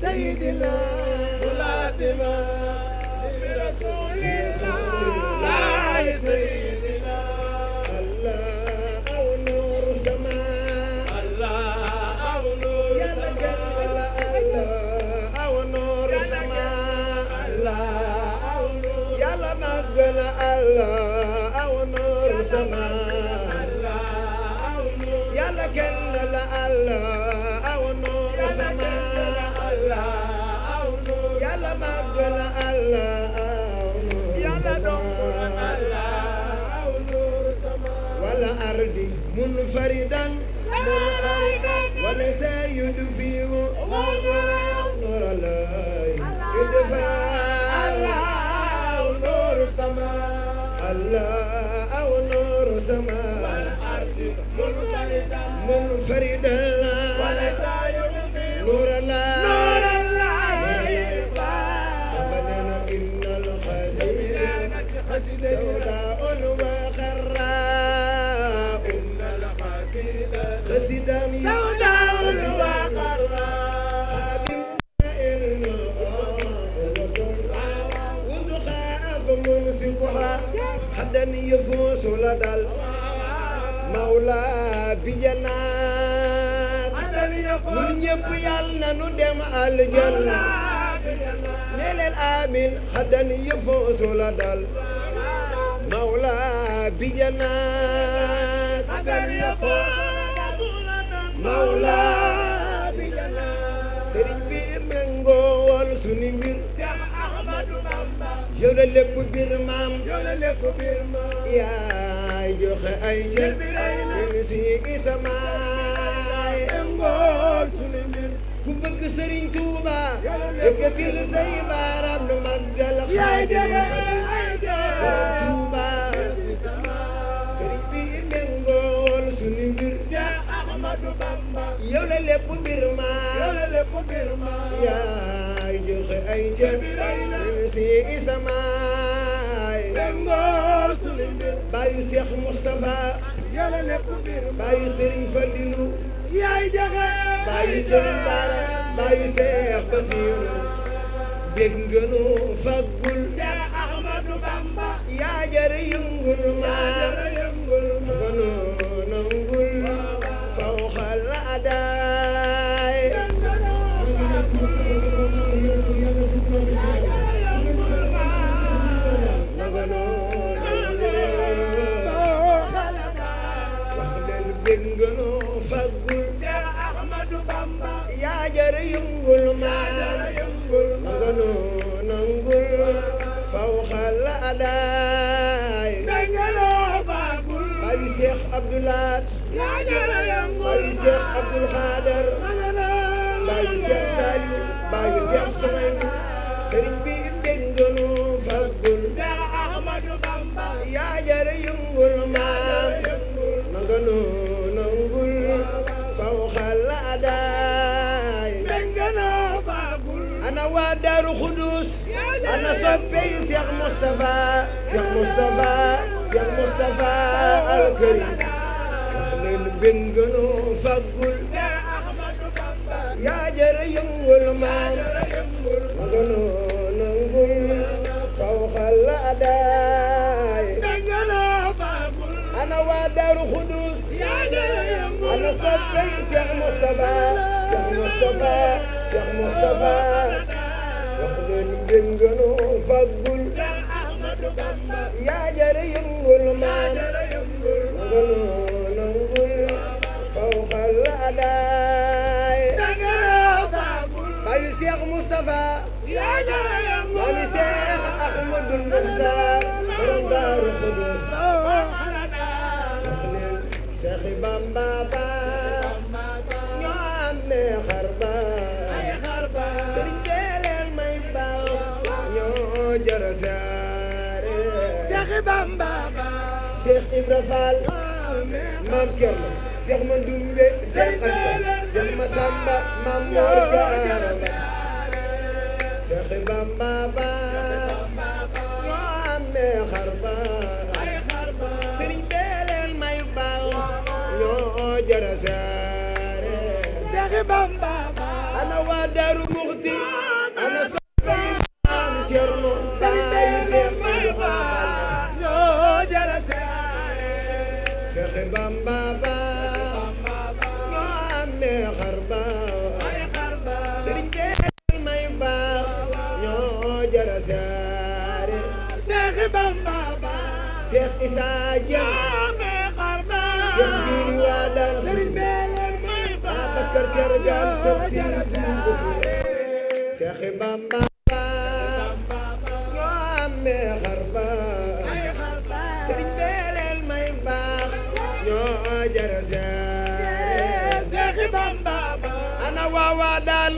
xidmal والأرض منفردا وليس يدفئ نور الله يدفع الله نور السماء الله أو نور السماء والأرض منفردا منفردا وليس يدفئ نور الله يفوز لدى المولى بجنات من يبيالنا ندم الجنة نيل الآمين حدا يفوز لدى المولى بجنات مولى بجنات سرين بي منغول سنين yow la yaay joxe ay njël ñu si isa maay mbool suñu njël ku bëgg Sëriñ Tuuba yëkkatil say baaraam nu màggal yaay joxe ay njël Tuuba sëriñ bi méngool suñu mbir Cheikh Bamba yow la lépp biir maam la lépp si samaay dangoo suñu mbir bàyyi Seex Moustapha yàlla lépp mbir bàyyi Serigne Fadilou yaay jaxe bàyyi Serigne Bara bàyyi Seex Basiru bég ngënu faggul Bamba yaa jëre yëngul maar alaay dangaloo baabul bayu Seex Abdulaat bayu Seex Abdul Xaadar bayu Seex Saaliw bayu Seex Sumaymu sëriñ bi dénganu faggul Seex Ahmadu Bamba waa Daaru Xudus ana soppey Cheikh Moustapha Cheikh Moustapha Cheikh Moustapha alkarim wax leen bëngënu faggul yaa jërë yëngul maam maganu nangul faw xalla adaay ana waa Daaru Xudus ana soppey Cheikh Moustapha Cheikh Moustapha Cheikh Moustapha Mustafa ya jara ya Bamba Cheikh Ibra Fall Maam Kerno Cheikh Mandoumbe Cheikh Anta Cheikh Massamba Maam Mor Jaara Cheikh Bamba ba ame xarba Serigne beleen may bal ñoo jara saare Cheikh Bamba waawaa daal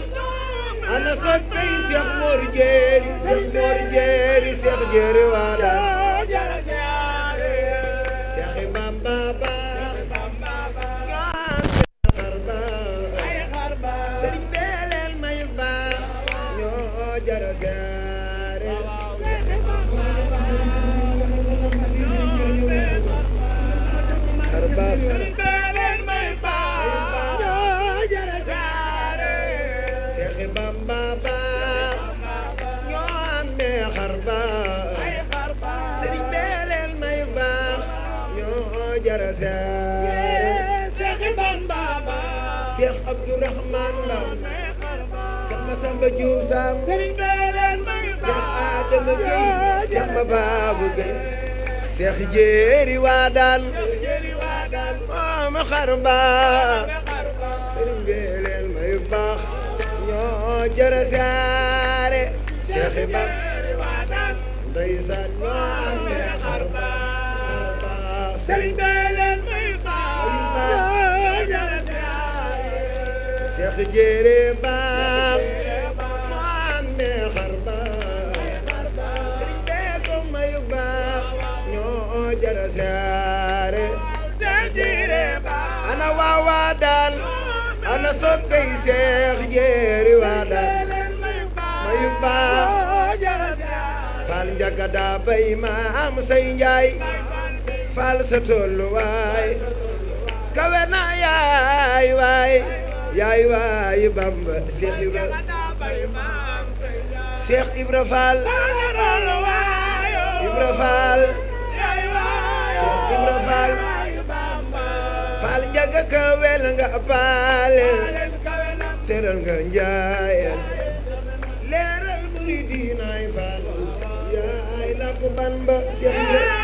ana soppey Seex Moor Jeeri Moor Jeeri Seex Jeeri waa daal Cheikh Abdourahmane Ndaw Cheikh Massamba Diouf Sam Cheikh Adama Gueye Cheikh Mababou Gueye Cheikh Jéeri Wadane Mama Xarba sëriñ bi leen may baax ñoo saare Cheikh Ibar ndeysaan ñoo amee Xarba sëriñ jëre baam mu amee xar baam sëriñ bee ko mayu baam ñoo jara saare seex jëre baam ana waa waa daal ana soppey seex jëre waa daal mayu baam faal njaga daa bay ma am say njaay faal sa tolluwaay kawe na yaay waay yaay waayi Bamba Cheikh Ibra Cheikh Ibra Fall Ibra Fall Cheikh Ibra Fall Fall nga baale teral nga njaayal leeral muridinaay Fall yaay la Bamba Cheikh Ibra